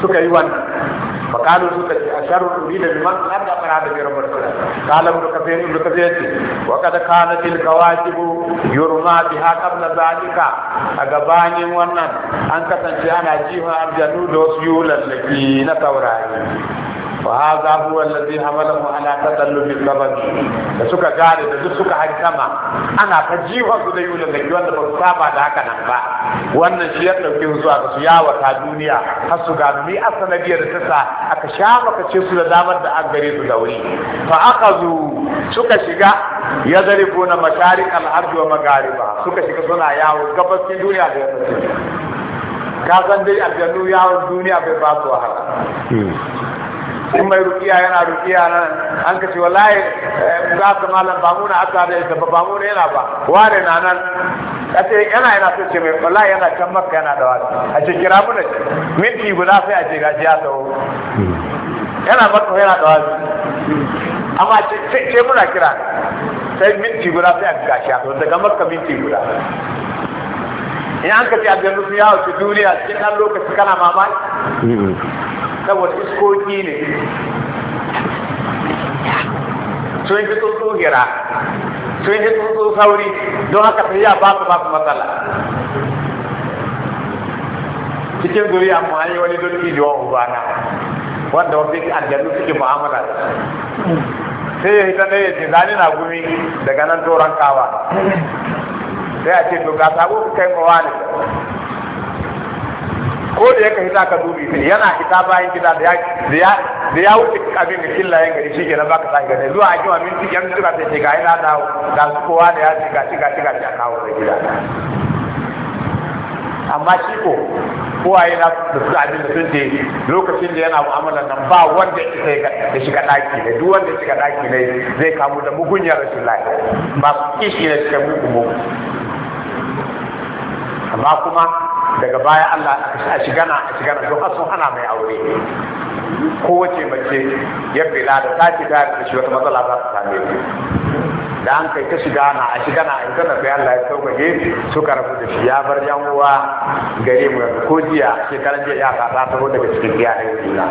Speaker 4: suka yi wannan فقالوا سكت
Speaker 2: أشر أريد بمن أرجع من هذا برب قال ابن كثير ابن كثير وقد كانت الكواكب يرمى بها قبل ذلك أجباني ونن أنك تنشي أنا جيها أرجع نودوس يولا لكي نتوراني فهذا هو الذي حمله على تدلل السبب da suka gane da duk suka hankama ana ta jihar su da yulin da kiwon wanda ba su saba da haka nan ba wannan shi ya ɗauke su a su yawata duniya har su gano ni a sanadiyar da ta sa aka sha makace su da damar da an gare su da wuri fa aka zo suka shiga ya zari na masharik al'adu wa magariba suka shiga suna yawo gabasin duniya da ya ka san dai aljanu yawon duniya bai ba su wahala hmm. in mai rukiya yana rukiya nan an ka ce wallahi eh, za ka malam ba muna aka da ita ba muna yana ba ware na nan a ce yana yana so ce mai wallahi yana can makka yana da wani a ce kira muna ce minti guda sai a ce gaji ya tawo, yana makka yana da wani amma ce muna kira sai minti guda sai a gashi ya tawo, daga makka minti guda in an ka ce abin sun yawo su duniya cikin ɗan lokaci kana mamaki saboda iskoki ne sun fi tsuntsu gira sun fi tsuntsu sauri don haka ta yi ba su ba su matsala cikin zuri a an yi wani don kijiwa ubana wanda ke aljannu suke mu'amala da sai ya hita ɗaya ce zani na gumi daga nan doron kawa sai a ce to ga sabo ka kai mawa ne ko da yake hita ka dubi sai yana hita bayan gida da ya da ya wuce abin da killa yanga shi ke nan baka san gane zuwa ajiwa min ci yan zuwa sai ga ina da da su kowa da ya ci ga ci ga ci ga ci a kawo da gida amma shi ko ko kowa yana da su abin da sun ce lokacin da yana mu'amala nan ba wanda ya shiga daki ne duk wanda ya shiga daki ne zai kamu da mugunyar rashin lafiya ba su kishi ne cikin mugu mugu amma kuma daga baya Allah a shigana a shigana don asun ana mai aure ko wace mace ya bila da ta shiga da shi wata matsala za ta same ta da an kai ta shiga na a shiga na yanzu na sai Allah ya sauƙaƙe suka rabu da shi ya bar yan uwa gare mu ko jiya shekaran jiya ya ta taho daga cikin iyayen juna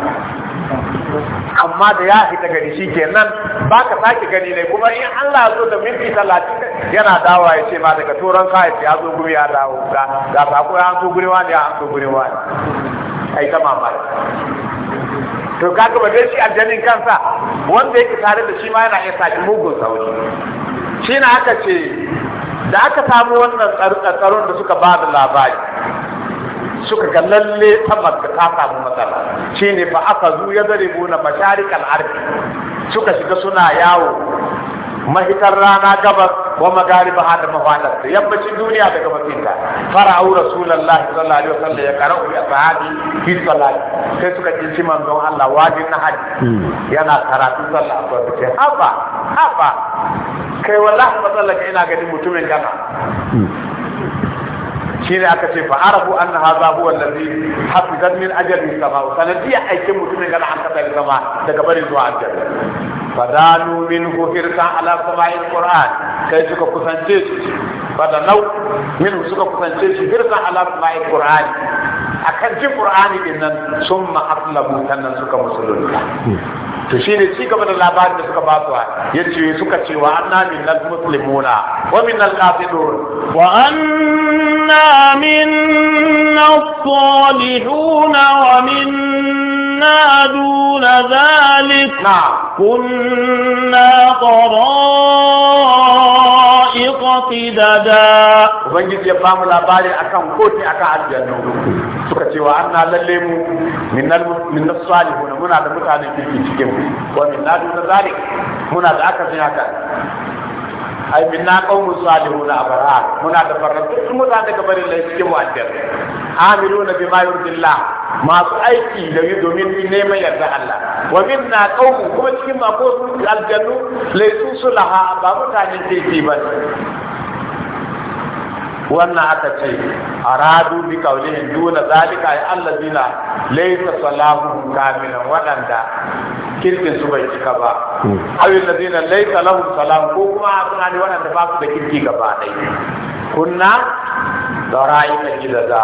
Speaker 2: amma da ya fita gani shi kenan ba ka sake gani ne kuma in Allah zo da minti talatin yana dawa ya ce ma daga turan kayan ya zo guri ya dawo ga ga ko ya zo guri wani ya zo guri wani ai ta mamaki to kaga ba dai shi aljanin kansa wanda yake tare da shi ma yana iya saki mugun sauri shi na aka ce da aka samu wannan tsaron da suka ba da labari suka ga lalle tabbas da ta samu matsala ne fa aka zu ya zare na masharikal kal'arfi suka shiga suna yawo mahitar rana gabas wa ba hada mafadar da yammacin duniya daga mafinta fara'u rasulullahi sallallahu alaihi wasallam ya qara'u bi ashabi fi salat sai suka ji shi manzon Allah wajin na haji hmm. yana karatu sallah ko ce haba haba kai wallahi matsalar ina ganin mutumin gana hmm. ne aka ce fa arabu anna hadha huwa alladhi hafizat min ajali sama sanadiya aikin mutumin da an da sama daga bari zuwa aljanna fadanu minhu hirsan ala sama'il qur'an kai suka kusance shi fadanu minhu suka kusance shi birka ala sama'il qur'an akan jin qur'ani din nan summa aslamu sannan suka musulunta to shi ne cigaba da labarin da suka ba su ya suka ce wa anna min al muslimuna
Speaker 1: wa min al qafidun wa anna minnal salihuna wa minna ذلك كنا kunna qidada ubangiji ya bamu labari akan kote akan aljannu
Speaker 2: suka cewa anna lalle mu min al min salihun muna da mutanen kirki cikin wa min nadu zalik muna da aka haka ai minna qawmu na abara muna da farra mu mutane daga barin lai cikin bi amiluna bima yurdillah masu aiki da yi domin neman yarda Allah wa minna qawmu kuma cikin ma ko aljannu laysu sulaha ba mutane kirki ba wannan aka ce a radu bi qawlihim duna zalika ay allazina laysa salahu kamilan wadanda kirkin su bai cika ba hmm. aw allazina laysa lahum salam ko kuma suna ne wadanda ba su da kirki gaba dai kunna dara'ikan gidaza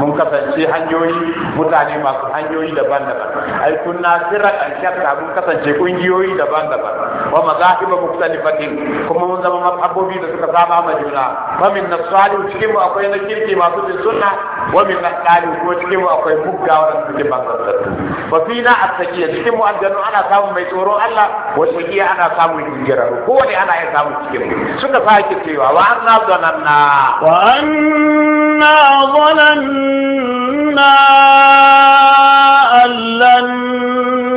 Speaker 2: mun kasance hanyoyi mutane masu hanyoyi daban-daban ai kunna sirran shakka mun kasance kungiyoyi daban-daban wa mazahiba mukhtalifatin kuma mun zama mazhabobi da suka saba ma juna wa min nasalihu cikin mu akwai na kirki masu bin sunna wa min na tsari ko cikin mu akwai bugga wanda suke bangantattu wa fina a cikin mu aljannu ana samun mai tsoron Allah wa shaqiya ana samun ko kowane ana iya samun cikin mu suka sake cewa wa anna
Speaker 1: na wa na. كنا ظننا أن لن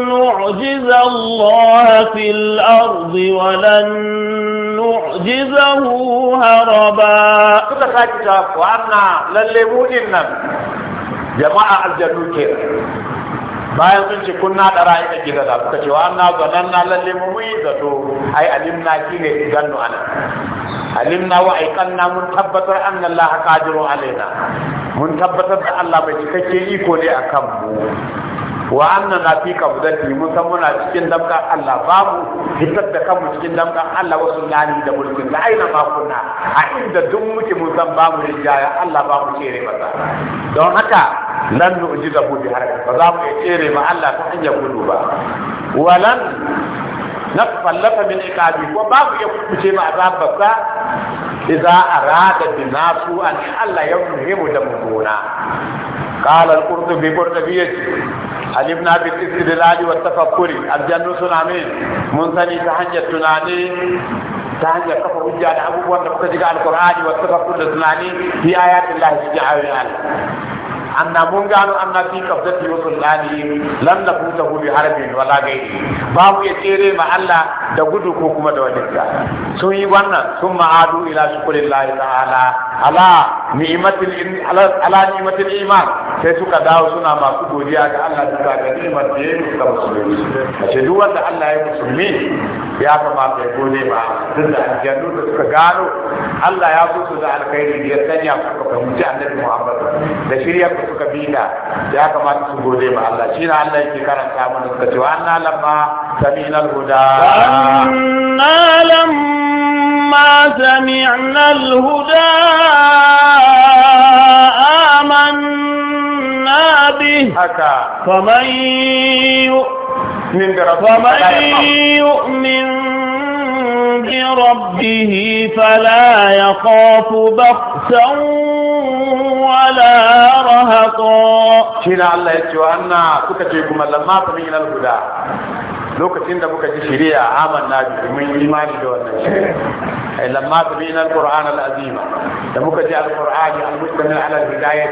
Speaker 1: نعجز الله في الأرض ولن نعجزه هربا تتكتب وأنا للمؤمن
Speaker 2: جماعة الجنود bayan sun ce kun na ɗara ita gida da suka ce wa na zanen na lalle mu yi zato ai alimna shi ne gano ana alimna wa aikanna mun tabbatar anna Allah qadiru alaina mun tabbatar da Allah mai cikakke iko ne akan mu wa anna na fi kabdati mun san muna cikin damka Allah babu fitar da kanmu cikin damka Allah wasu lani da mulkin da aina ma kunna a inda duk muke mun san babu rijaya Allah babu kere masa don haka lan nu'jizahu bi haraka ba za mu kere ma Allah ta hanyar gudu ba walan na fallafa ان iqabi ko babu ya kuce ma azabarsa idza arada binasu an Allah ya muhimu da mutuna قال والتفكر الجنة منثني تهنجة تناني تهنجة كفر أبو القرآن والتفكر في آيات الله anna mun gano anna fi qabdati yusullani lam nafutahu bi harbin wala gairi babu ya tsere ma Allah da gudu ko kuma da wajenka sun yi wannan sun ma'adu ila shukurillahi ta'ala ala ni'matil ala ni'matil iman sai suka dawo suna masu godiya ga Allah duka ga ni'mar da ya yi ga musulmi ce duk wanda Allah ya musulmi ya kamata ya gode ba duk da aljannu da suka gano Allah ya so su da alkhairi ya sanya suka fahimci annabi Muhammad da shirya su kabila ya kamata su gode ma Allah shi na Allah yake karanta mana suka ce wa anna lamma samina al-huda anna
Speaker 1: lamma sami'na al-huda amanna bi haka faman yu'min bi rabbihi بربه فلا يخاف بخسا ala rahaqo
Speaker 2: kila allah yace wa anna kuka ce kuma lamma fa min al-huda lokacin da muka ji shari'a na ji mun yi imani da wannan shari'a lamma tabina alquran alazima da muka ji alqur'ani almustamil ala alhidayah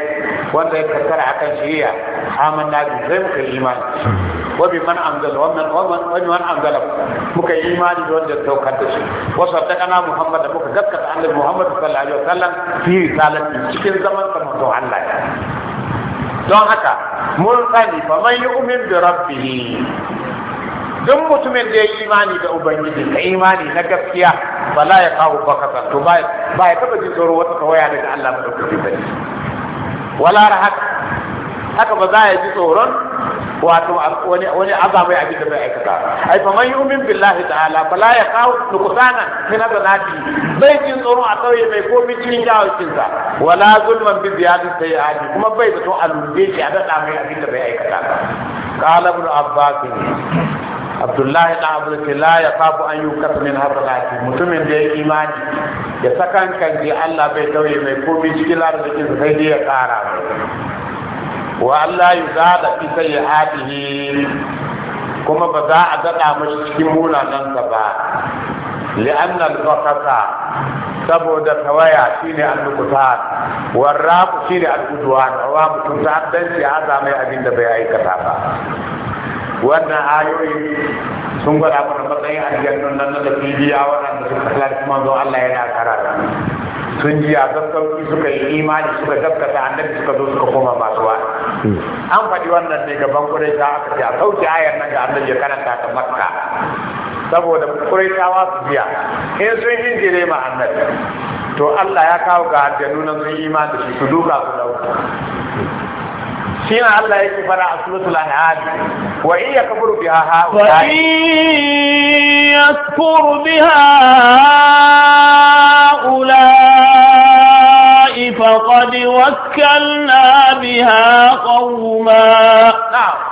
Speaker 2: wanda ya karkara akan shari'a na ji sai muka yi imani wa bi man anzala wa man wa man wa anzala muka yi imani da wanda saukar da shi wa saddaqana muhammad da muka gaskata annabi muhammad sallallahu alaihi wasallam fi risalati cikin zaman sa mutum Allah don haka mun sani fa man yu'min bi rabbih duk mutumin da ya yi imani da ubangiji ka imani na gaskiya ba la ya kawo bakasa to ba ya taba jin tsoro wata tawaya daga Allah ba da ba wala rahak haka ba za ya ji tsoron wato wani wani azabai abin da bai aikata ai fa man yu'min billahi ta'ala fala ya kawo nuqsana min azanati bai jin tsoron a tauye mai komi cikin jawakin sa wala zulman bi ziyadi sayyadi kuma bai zato a lumbe shi a dada mai abin da bai aikata qala ibn abbas abdullahi da abu la ya kafu an yi min mutumin da ya imani ya sakan kan Allah bai tauye mai komi cikin arzikin sai dai ya kara wa Allah ya zada fi sayyi'atihi kuma ba za a daɗa mashi cikin munanan ka ba li'an al saboda tawaya shine al-nuqtan warraqu shine al-udwan wa mutum ta a zamai abin da bai aikata ba wannan ayoyi sun gwada mana matsayin ajiyar nan da sun biya waɗanda suka halarci zo Allah yana da sun ji a gaskauki suka yi imani suka gaskata annabi suka zo suka koma masu wa hmm. an faɗi wannan ne gaban ta aka ce a sauke ayar nan da annabi ya karanta ta makka saboda ta wasu biya in sun hinjire ma annabi to Allah ya kawo ga aljanu nan sun imani da shi su duka su dauka شين الله يكفر فرع سورة الأنعام وإن يكفر بها هؤلاء
Speaker 1: وإن يكفر بها هؤلاء فقد وكلنا بها قوما نعم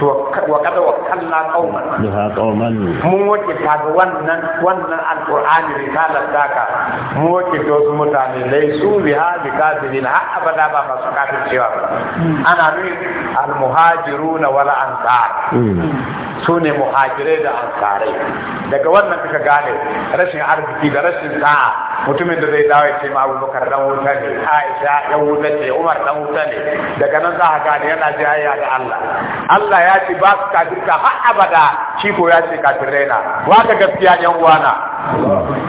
Speaker 3: to
Speaker 2: wa kada wa kalla qauman
Speaker 3: duha qauman mun
Speaker 2: wace taga wannan wannan alqur'ani risalar daka
Speaker 5: mun wace to su
Speaker 2: mutane lai su bi ha bi kafirin ha abada ba masu kafir cewa ana nuni al muhajiruna wal ansar hmm. su muhajirai da ansarai daga wannan kika gane rashin arziki da rashin sa'a mutumin da zai dawo ya ce ma abubakar dan wuta ne aisha dan wuta ce umar dan wuta ne daga nan za ka gane yana jayayya da allah allah ya ya ce ba su kafirta har abada shi ko ya ce kafirai na ba ka gaskiya yan uwana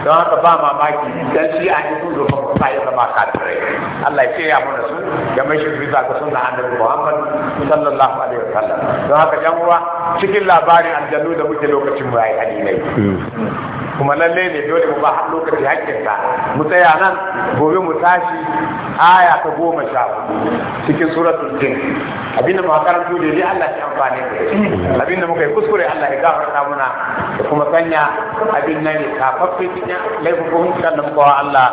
Speaker 2: don haka ba mamaki dan shi an yi tuzo ba ba ya zama kafirai Allah ya ce ya mana su ya mai shi bisa ga sunna annabi Muhammad sallallahu alaihi wasallam don haka yan uwa cikin labarin aljannu da muke lokacin mu yayi hadinai kuma lalle ne dole mu ba har lokaci hakkinta mu tsaya nan gobe mu tashi aya ta goma sha cikin suratul jin abinda mu karanto da Allah ya amfani ne abin da muka yi kuskure Allah ya ta muna da kuma sanya abin nan ya kafaffe cikin laifukan kan da muka wa Allah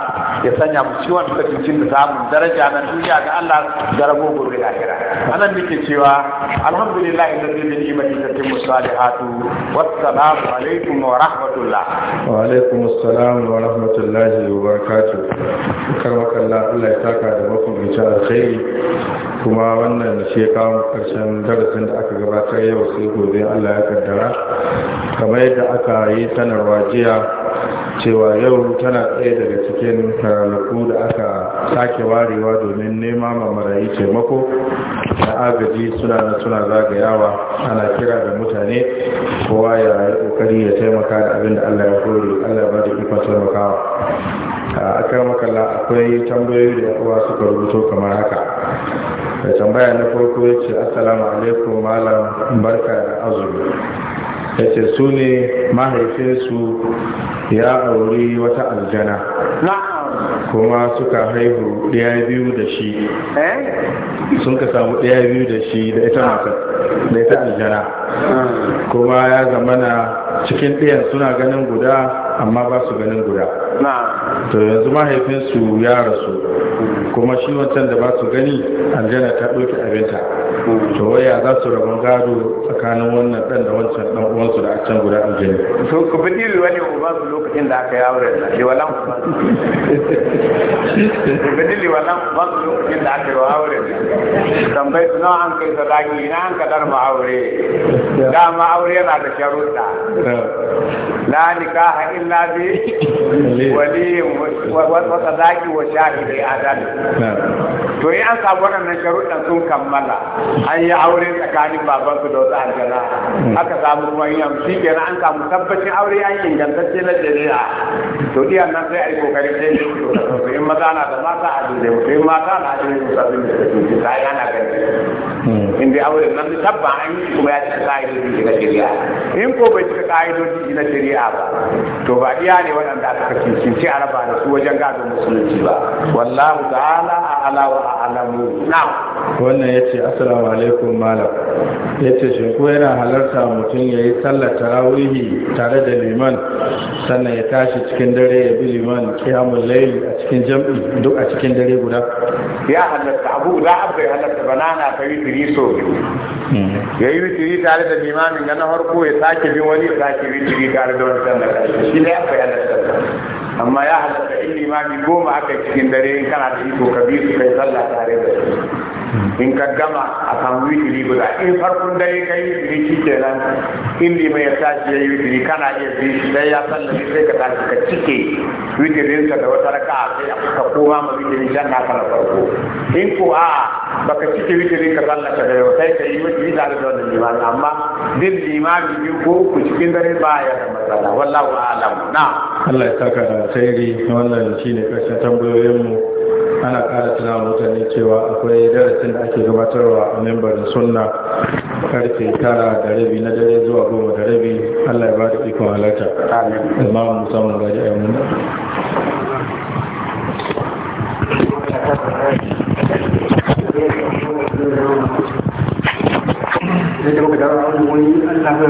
Speaker 2: ya sanya mu ciwon da cikin da samun daraja na duniya ga Allah da rabo gobe da akira anan muke cewa alhamdulillah alladhi bi ni'mati tatimmu salihatu wassalamu alaikum wa rahmatullah
Speaker 5: wa alaikum assalam wa rahmatullahi wa barakatuh karmakallah Allah ya saka da bincin alkhairi kuma wannan shekaru karshen darasin da aka gabatar yau sai gobe Allah ya kaddara kamar yadda aka yi sanarwa jiya cewa yau tana ɗaya daga cikin ranaku da aka sake warewa domin nema ma marayi taimako da agaji suna na suna zagayawa ana kira da mutane kowa ya yi kokari ya taimaka da abin da Allah ya kori, Allah ba da ikon taimakawa a kan makalla akwai tambayoyi da kowa suka rubuto kamar haka mai tambaya na farko ya ce assalamu alaikum malam barka da azumi ya ce su ne mahaifinsu ya auri wata aljana kuma suka haihu ɗaya biyu da shi
Speaker 3: eh?
Speaker 5: sun ka samu ɗaya biyu da shi da ita matar da ita aljana ah. kuma ya zamana cikin ɗayan suna ganin guda amma ba su ganin guda to yanzu mahaifinsu ya rasu kuma shi wancan da ba su gani aljana ta ɗauki abinta hmm. to waya za su rabon gado tsakanin wannan ɗan da wancan ɗan uwansu da can guda aljani so ku fi ɗiri wani uba su lokacin da aka yawo da walan
Speaker 3: da
Speaker 2: da aka aure tambayi su sadaki na an kadar ma aure aure yana da sharuɗa la nikaha illa bi wali wata zaki wa a dan? to yi an samu wadannan sharuɗan sun kammala an yi aure tsakanin babansu da wasu aljana mm. aka samu manyan shi kenan an samu tabbacin aure an ingantacce na shari'a to diyan nan sai a yi kokarin sai ne to in maza na da mata a dole mata na da sabbin da ta yi ana gani inda aure nan tabba an yi kuma ya cika ka'idoji na shari'a in ko bai cika ka'idoji na shari'a ba to ba iya ne waɗanda aka cinci a raba da su wajen gado musulunci ba wallahu ta'ala a alawa alamu
Speaker 5: wannan ya ce assalamu alaikum malam ya ce shi ko yana halarta mutum ya yi sallar tarawihi tare da liman sannan ya tashi cikin dare ya bi liman kiyamun laili a cikin jam'i duk a cikin dare guda
Speaker 2: ya halarta abu za abu ya halarta banana ta tiri so hmm. ya yi witiri tare da limamin na harko ya sake bin wani ya sake witiri tare da wani sannan shi ne abu ya halarta amma ya halatta in limami goma aka cikin dare in kana da iko ka bi kai sallah tare da su in ka gama a kan wikiri guda in farkon da ka yi wikiri shi kenan in mai ya shi ya yi wikiri kana iya bi shi dai ya sallame sai ka tashi ka cike witirinsa da wata raka sai ka koma ma wikiri jan na kana farko in ko a baka cike wikirin ka sallaka da yau sai ka yi witiri tare da wannan limamin amma din limami biyu ko ku cikin dare ba ya da matsala wallahu a'lam na
Speaker 5: Allah ya saka da alkhairi wannan shine karshen tambayoyinmu ana ƙara tunawa mutane cewa akwai darasi darasin da ake gabatarwa a membarin sunna karfe tara da rabi na dare zuwa goma da rabi allah ya ba da ikon halarta amma musamman gaji a yamma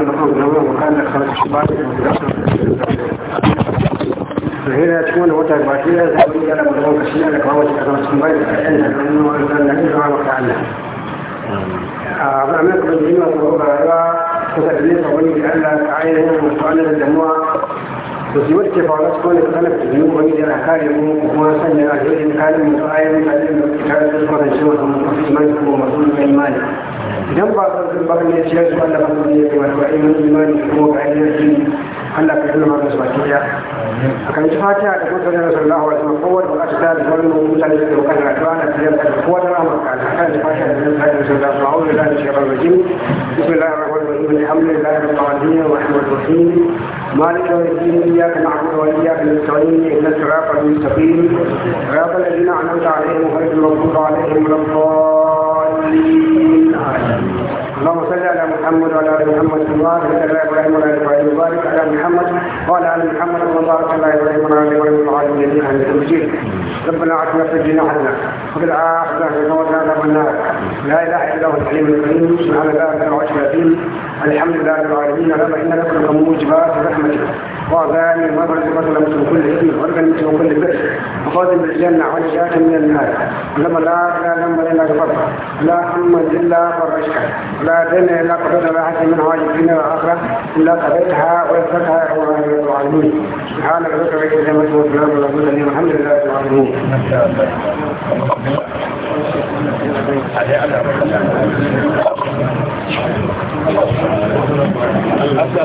Speaker 4: da muka da Allah ka ainihin masu da damuwa da su wacce fa wasu kone su kanar da yiwu wani yana kare mu kuma sanya a jirgin kalin masu ayyukan da ayyukan da su kare su kwanan shi wasu masu imani ko masu imani idan ba su sun baka ne ciyar su Allah ba su ne masu ayyukan imani ko ga ayyukan shi Allah ka yi mana su baki daya a kan ci fatiha da kuma sanar sallallahu alaihi wasallam kowa da aka ta da wani mutane da suka kan rayuwa na tiyar da kowa da ramar ka kan ci fatiha da sanar sallallahu alaihi wasallam a'udhu billahi minash shaitanir rajim bismillahir الحمد لله رب العالمين والرحمن الرحيم مالك يوم الدين اياك نعبد واياك نستعين اهدنا الصراط المستقيم صراط الذين انعمت عليهم غير المغضوب عليهم ولا الضالين اللهم صل على محمد وعلى ال محمد الله على ابراهيم وعلى ال محمد وبارك على محمد وعلى ال محمد وبارك على محمد وعلى ال محمد وعلى ال ابراهيم حميد مجيد ربنا اعطنا في الدين حسنه وفي العاقبه حسنه وقنا عذاب النار لا اله الا هو الحليم الكريم سبحان الله رب العالمين الحمد لله رب العالمين رب ان لكم موجبات رحمتك وأبان وأبرز مثلا مثل كل اسم وأرجل مثل كل بئر وفاز بالجنة ونجاة من النار لما لا إلى لما إلا كفرت لا هم إلا فرشك لا دين إلا قدرت لا حد من حوائج الدنيا والآخرة إلا قبلتها ويسرتها وعلموني سبحانك ربك رب العزة والسلام على الله والحمد لله رب العالمين.
Speaker 3: Thank you.